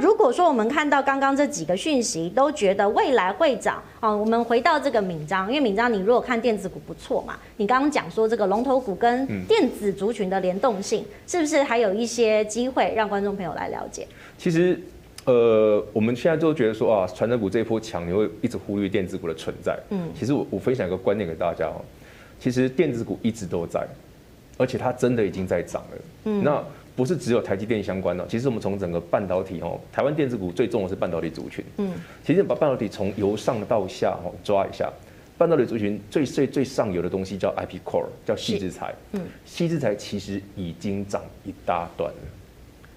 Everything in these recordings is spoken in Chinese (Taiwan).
如果說我們看到剛剛這幾個訊息，都覺得未來會漲啊、哦，我們回到這個閔漳，因為閔漳，你如果看電子股不錯嘛，你剛剛講說這個龍頭股跟電子族群的聯動性，嗯、是不是還有一些機會讓觀眾朋友來了解？其實，呃，我們現在就覺得說啊，傳產股這一波強，你會一直忽略電子股的存在。嗯，其實我我分享一個觀念給大家哦，其實電子股一直都在，而且它真的已經在漲了。嗯，那。不是只有台積電相關的，其實我們從整個半導體哦，台灣電子股最重的是半導體族群。嗯，其實把半導體從由上到下哦抓一下，半導體族群最最最上游的東西叫 IP Core，叫矽智財。嗯，矽智財其實已經漲一大段了。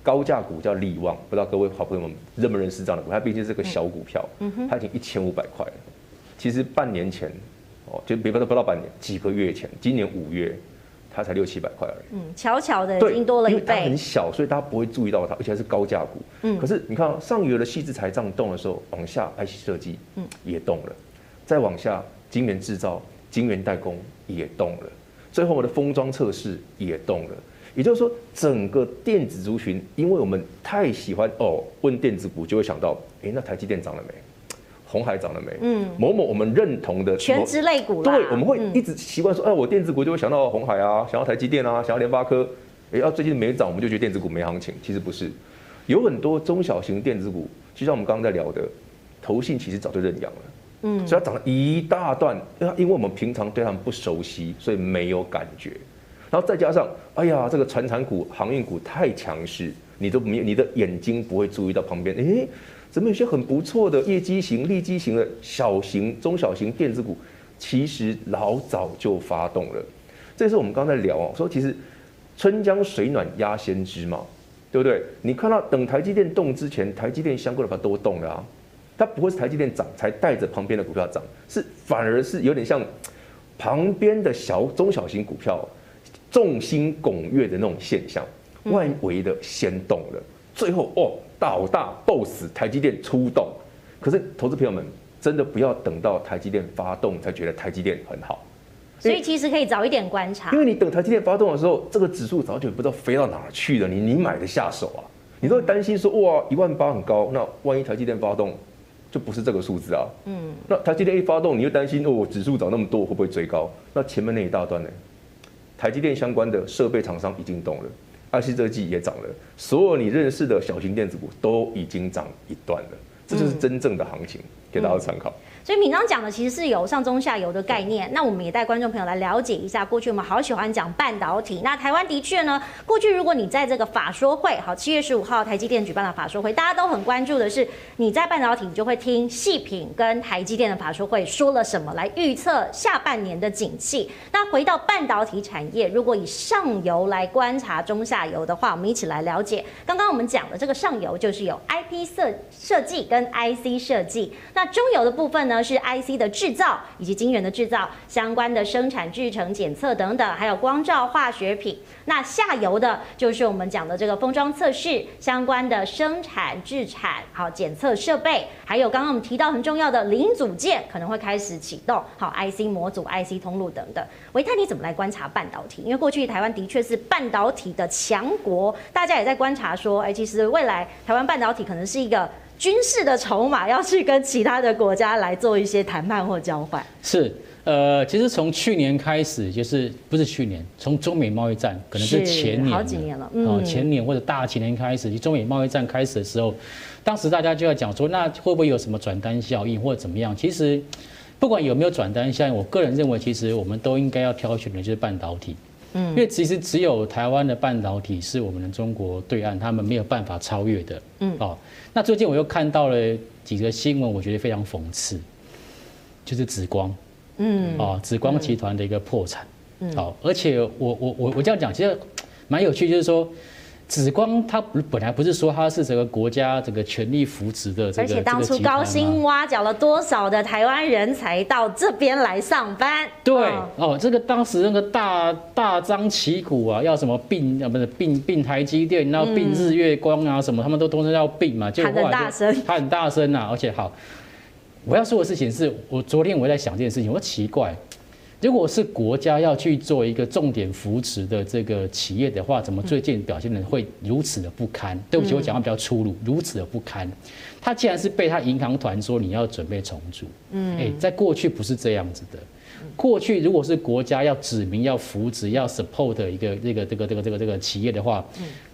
高價股叫力旺，不知道各位好朋友們認不認識這樣的股票？它畢竟是個小股票，嗯哼，它已經一千五百塊了。其實半年前哦，就比方說不到半年，幾個月前，今年五月。它才六七百塊而已，嗯，悄悄的已經多了一倍。因為它很小，所以大家不會注意到它，而且還是高價股。嗯，可是你看，上游的矽晶材漲動的時候，往下 IC 設計，嗯，也動了；再往下晶圓製造、晶圓代工也動了，最後我的封裝測試也動了。也就是說，整個電子族群，因為我們太喜歡哦，問電子股就會想到，哎，那台積電漲了沒？鴻海漲了沒？嗯，某某我們認同的全職類股，對，我們會一直習慣說，哎，我電子股就會想到鴻海啊，想到台積電啊，想到聯發科。哎，要最近沒漲，我們就覺得電子股沒行情。其實不是，有很多中小型電子股，就像我們剛剛在聊的，投信其實早就認養了，嗯，所以它漲了一大段，因為因為我們平常對他們不熟悉，所以沒有感覺。然後再加上，哎呀，這個傳產股、航運股太強勢，你都沒有，你的眼睛不會注意到旁邊。哎，怎麼有些很不錯的業績型、利基型的小型、中小型電子股，其實老早就發動了。這也是我們剛才聊啊，說其實春江水暖鴨先知嘛，對不對？你看到等台積電動之前，台積電相關的股都動了啊。它不會是台積電漲才帶着旁邊的股票漲，是反而是有點像旁邊的小、中小型股票。眾星拱月的那種現象，外圍的先動了，嗯、最後哦，老大 boss、哦、台積電出動，可是投資朋友們真的不要等到台積電發動才覺得台積電很好，所以其實可以早一點觀察，因為，因為你等台積電發動的時候，這個指數早就不知道飛到哪去了，你你買的下手啊，你都會擔心說哇一萬八很高，那萬一台積電發動，就不是這個數字啊，嗯，那台積電一發動，你又擔心哦指數漲那麼多會不會追高，那前面那一大段呢？台積電相關的設備廠商已經動了，IC 這個季也漲了，所有你認識的小型電子股都已經漲一段了，這就是真正的行情。給大家參考、嗯。所以閔漳講的其實是有上中下游的概念、嗯。那我們也帶觀眾朋友來了解一下，過去我們好喜歡講半導體。那台灣的確呢，過去如果你在這個法說會，好，七月十五號台積電舉辦的法說會，大家都很關注的是，你在半導體你就會聽矽品跟台積電的法說會說了什麼，來預測下半年的景氣。那回到半導體產業，如果以上游來觀察中下游的話，我們一起來了解。剛剛我們講的這個上游就是有 IP 設設計跟 IC 設計。那那中游的部分呢，是 I C 的製造以及晶圓的製造相關的生產、製程、檢測等等，還有光照化學品。那下游的就是我們講的這個封裝測試相關的生產、製產、好檢測設備，還有剛剛我們提到很重要的零組件，可能會開始啟動好 I C 模組、I C 通路等等。唯泰，你怎麼來觀察半導體？因為過去台灣的確是半導體的強國，大家也在觀察說，哎、欸，其實未來台灣半導體可能是一個。軍事的籌碼要去跟其他的國家來做一些談判或交換，是，呃，其實從去年開始就是不是去年，從中美貿易戰可能是前年是，好幾年了，嗯，前年或者大前年開始，中美貿易戰開始的時候，當時大家就要講說，那會不會有什麼轉單效應或怎麼樣？其實不管有沒有轉單效應，我個人認為，其實我們都應該要挑選的就是半導體。嗯，因為其實只有台灣的半導體是我們的中國對岸，他們沒有辦法超越的。嗯，好、哦，那最近我又看到了幾個新聞，我覺得非常諷刺，就是紫光，嗯，啊、哦嗯，紫光集團的一個破產。嗯，好、哦，而且我我我我這樣講，其實蠻有趣，就是說。紫光，它本來不是說它是整個國家整個權力扶持的，而且當初高薪挖角了多少的台灣人才到這邊來上班，嗯，對？對哦，這個當時那個大大張旗鼓啊，要什麼併，不是併併台積電，要併併日月光啊什麼，嗯，他們都都是要併嘛，喊很大聲，喊很大聲啊！而且好，我要說的事情是，我昨天我在想這件事情，我說奇怪。如果是國家要去做一個重點扶持的這個企業的話，怎麼最近表現的會如此的不堪？對不起，我講話比較粗魯，如此的不堪。他既然是被他銀行團說你要準備重組，嗯，哎，在過去不是這樣子的。過去如果是國家要指明要扶持、要 support 一個這個這個這個這個這個企業的話。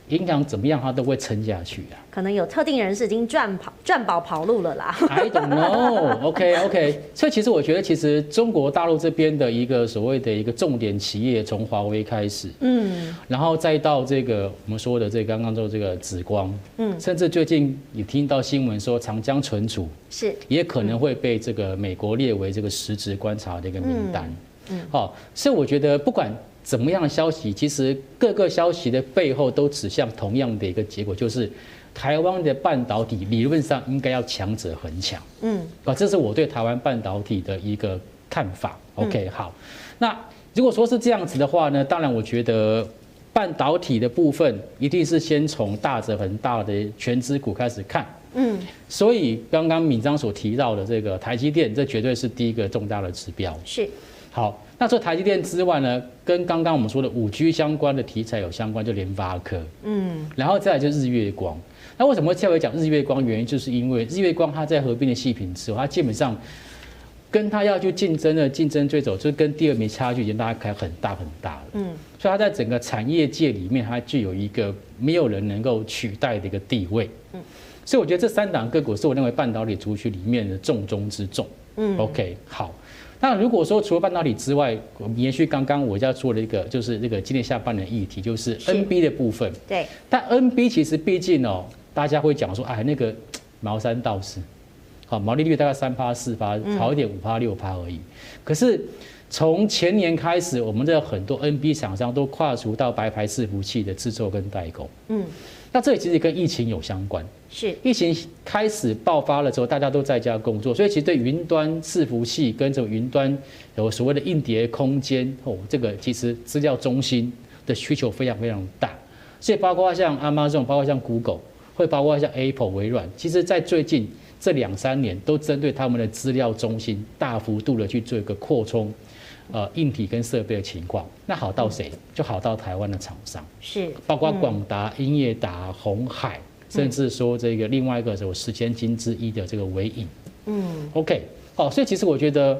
影響怎麼樣，他都會撐下去啊。可能有特定人士已經賺跑賺飽跑路了啦。I don't know. OK OK. 所以其實我覺得，其實中國大陸這邊的一個所謂的一個重點企業，從華為開始，嗯，然後再到這個我們說的這個剛剛說這個紫光，嗯，甚至最近也聽到新聞說長江存儲是也可能會被這個美國列為這個實質觀察的一個名單，嗯，好，所以我覺得不管，怎麼樣的消息？其實各個消息的背後都指向同樣的一個結果，就是台灣的半導體理論上應該要強者恆強。嗯，啊，這是我對台灣半導體的一個看法。OK，好。那如果說是這樣子的話呢，當然我覺得半導體的部分一定是先從大者恆大的權值股開始看。嗯，所以剛剛閔漳所提到的這個台積電，這絕對是第一個重大的指標。是，好。那除了台積電之外呢，跟剛剛我們說的五 G 相關的題材有相關，就聯發科，嗯，然後再來就是日月光。那為什麼會稍微講日月光？原因就是因為日月光它在合併的矽品之後，它基本上跟它要去競爭的，競爭對手，就是、跟第二名差距已經拉開很大很大了，嗯，所以它在整個產業界裡面，它具有一個沒有人能夠取代的一個地位，嗯，所以我覺得這三檔個股是我認為半導體族群裡面的重中之重，嗯，OK，好。那如果說除了半導體之外，延續剛剛我家做了一個，就是那個今年下半年的議題，就是 NB 的部分。對。但 NB 其實畢竟哦，大家會講說，哎，那個茅山道士好毛利率大概三趴四趴，好一點五趴六趴而已。嗯、可是從前年開始，我們的很多 NB 廠商都跨出到白牌伺服器的製作跟代工。嗯。那這裡其實跟疫情有相關是，是疫情開始爆發了之後，大家都在家工作，所以其實對雲端伺服器跟這種雲端有所謂的硬碟空間哦，這個其實資料中心的需求非常非常大，所以包括像 Amazon，包括像 Google，會包括像 Apple、微軟，其實在最近這兩三年都針對他們的資料中心大幅度的去做一個擴充。呃，硬體跟設備的情況，那好到誰、嗯、就好到台灣的廠商，是包括廣達、英、嗯、業達、鴻海，甚至說這個另外一個有十千金之一的這個緯穎，嗯，OK，哦，所以其實我覺得，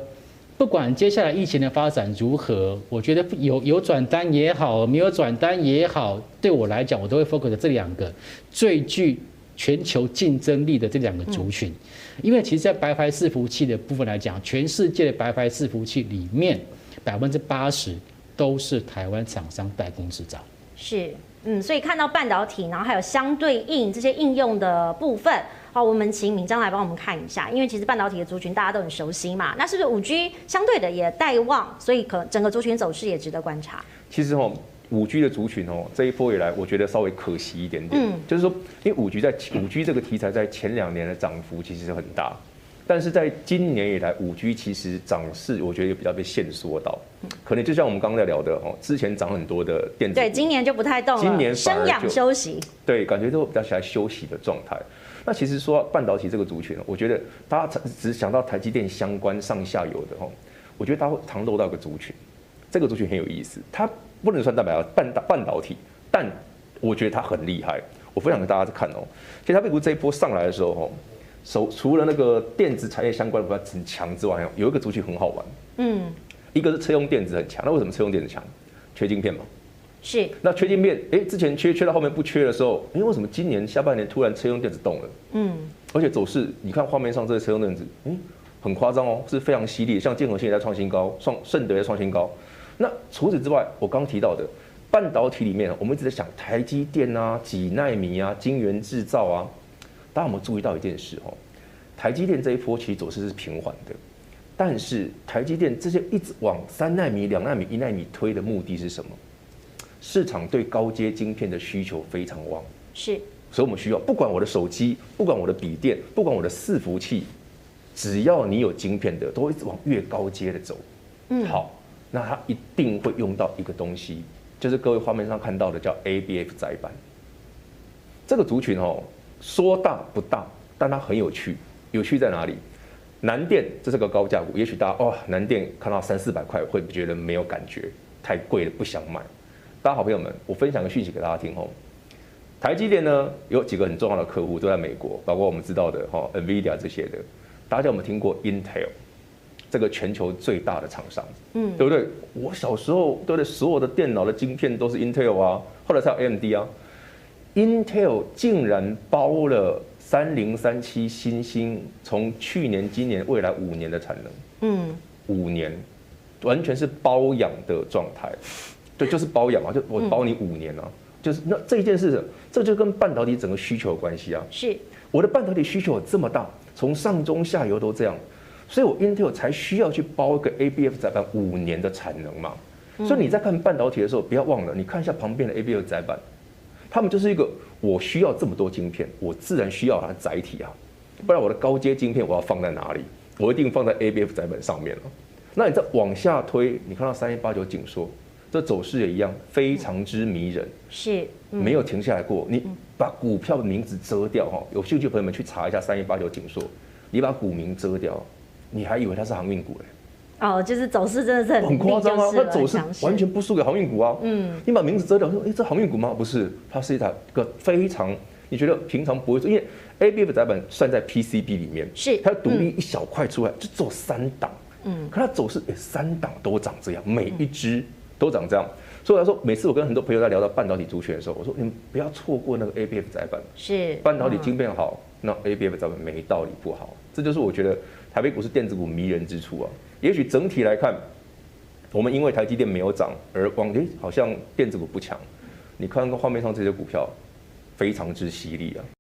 不管接下來疫情的發展如何，我覺得有有轉單也好，沒有轉單也好，對我來講，我都會 focus 在這兩個最具。全球競爭力的這兩個族群、嗯，因為其實，在白牌伺服器的部分來講，全世界的白牌伺服器裡面，百分之八十都是台灣廠商代工制造。是，嗯，所以看到半導體，然後還有相對應這些應用的部分，好，我們請閔漳來幫我們看一下，因為其實半導體的族群大家都很熟悉嘛，那是不是五 G 相對的也帶旺，所以可能整個族群走勢也值得觀察。其實我們五 G 的族群哦，這一波以來，我覺得稍微可惜一點點。嗯，就是說，因為五 G 在五 G 這個題材在前兩年的漲幅其實很大，但是在今年以來，五 G 其實漲勢我覺得也比較被限縮到。可能就像我們剛剛在聊的哦，之前漲很多的電子，對，今年就不太動了。今年生養休息。對，感覺都比較喜歡休息的狀態。那其實說半導體這個族群，我覺得大家只想到台積電相關上下游的哦，我覺得大家會常漏到一個族群。這個族群很有意思，它不能算蛋白，半導半導體，但我覺得它很厲害。我分享給大家去看哦、喔。其實它美股這一波上來的時候，哦，除除了那個電子產業相關的比較強之外，有一個族群很好玩，嗯，一個是車用電子很強。那為什麼車用電子強？缺晶片嘛。是。那缺晶片，哎、欸，之前缺缺到後面不缺的時候，哎、欸，為什麼今年下半年突然車用電子動了？嗯。而且走勢，你看畫面上這個車用電子，嗯，很誇張哦，是非常犀利。像健和興現在創新高，創勝德創新高。那除此之外，我剛剛提到的半導體裡面，我們一直在想台積電啊、幾納米啊、晶圓製造啊。大家有沒有注意到一件事哦？台積電這一波其實走勢是平緩的，但是台積電這些一直往三納米、兩納米、一納米推的目的是什麼？市場對高階晶片的需求非常旺，是，所以我們需要，不管我的手機，不管我的筆電，不管我的伺服器，只要你有晶片的，都會一直往越高階的走。嗯，好。那他一定會用到一個東西，就是各位畫面上看到的叫 ABF 載板。這個族群哦，說大不大，但它很有趣。有趣在哪裡？南電這是個高價股，也許大家哦，南電看到三四百塊會覺得沒有感覺，太貴了不想買。大家好朋友們，我分享個訊息給大家聽哦。台積電呢，有幾個很重要的客戶都在美國，包括我們知道的哈、哦、NVIDIA 這些的。大家有沒有聽過 Intel？這個全球最大的廠商，嗯，對不對？我小時候，對不對？所有的電腦的晶片都是 Intel 啊，後來才有 AMD 啊。Intel 竟然包了三零三七欣興，從去年、今年、未來五年的產能，嗯，五年完全是包養的狀態，對，就是包養啊。就我包你五年啊，嗯、就是那這一件事，這就跟半導體整個需求有關係啊。是，我的半導體需求有這麼大，從上中下游都這樣。所以，我 Intel 才需要去包一個 ABF 載板五年的產能嘛。所以你在看半導體的時候，不要忘了，你看一下旁邊的 ABF 載板，他們就是一個我需要這麼多晶片，我自然需要它的載體啊，不然我的高階晶片我要放在哪裡？我一定放在 ABF 載板上面了。那你再往下推，你看到三一八九景碩，這走勢也一樣，非常之迷人，是沒有停下來過。你把股票的名字遮掉哈、哦，有興趣的朋友們去查一下三一八九景碩，你把股名遮掉。你還以為它是航運股哎、欸？哦、oh,，就是走勢真的是很很誇張啊！它走勢完全不輸給航運股啊。嗯，你把名字遮掉說，哎、欸，這航運股嗎？不是，它是一台個非常，你覺得平常不會做，因為 A B F 載板算在 P C B 裡面，是、嗯、它獨立一小塊出來，就做三檔。嗯，可它走勢哎、欸，三檔都長這樣，每一隻都長這樣。嗯、所以說，每次我跟很多朋友在聊到半導體族群的時候，我說你們不要錯過那個 A B F 載板。是、嗯、半導體晶片好，那 A B F 載板沒道理不好。這就是我覺得。台北股市電子股迷人之處啊，也許整體來看，我們因為台積電沒有漲而光，哎，好像電子股不強。你看看畫面上這些股票，非常之犀利啊。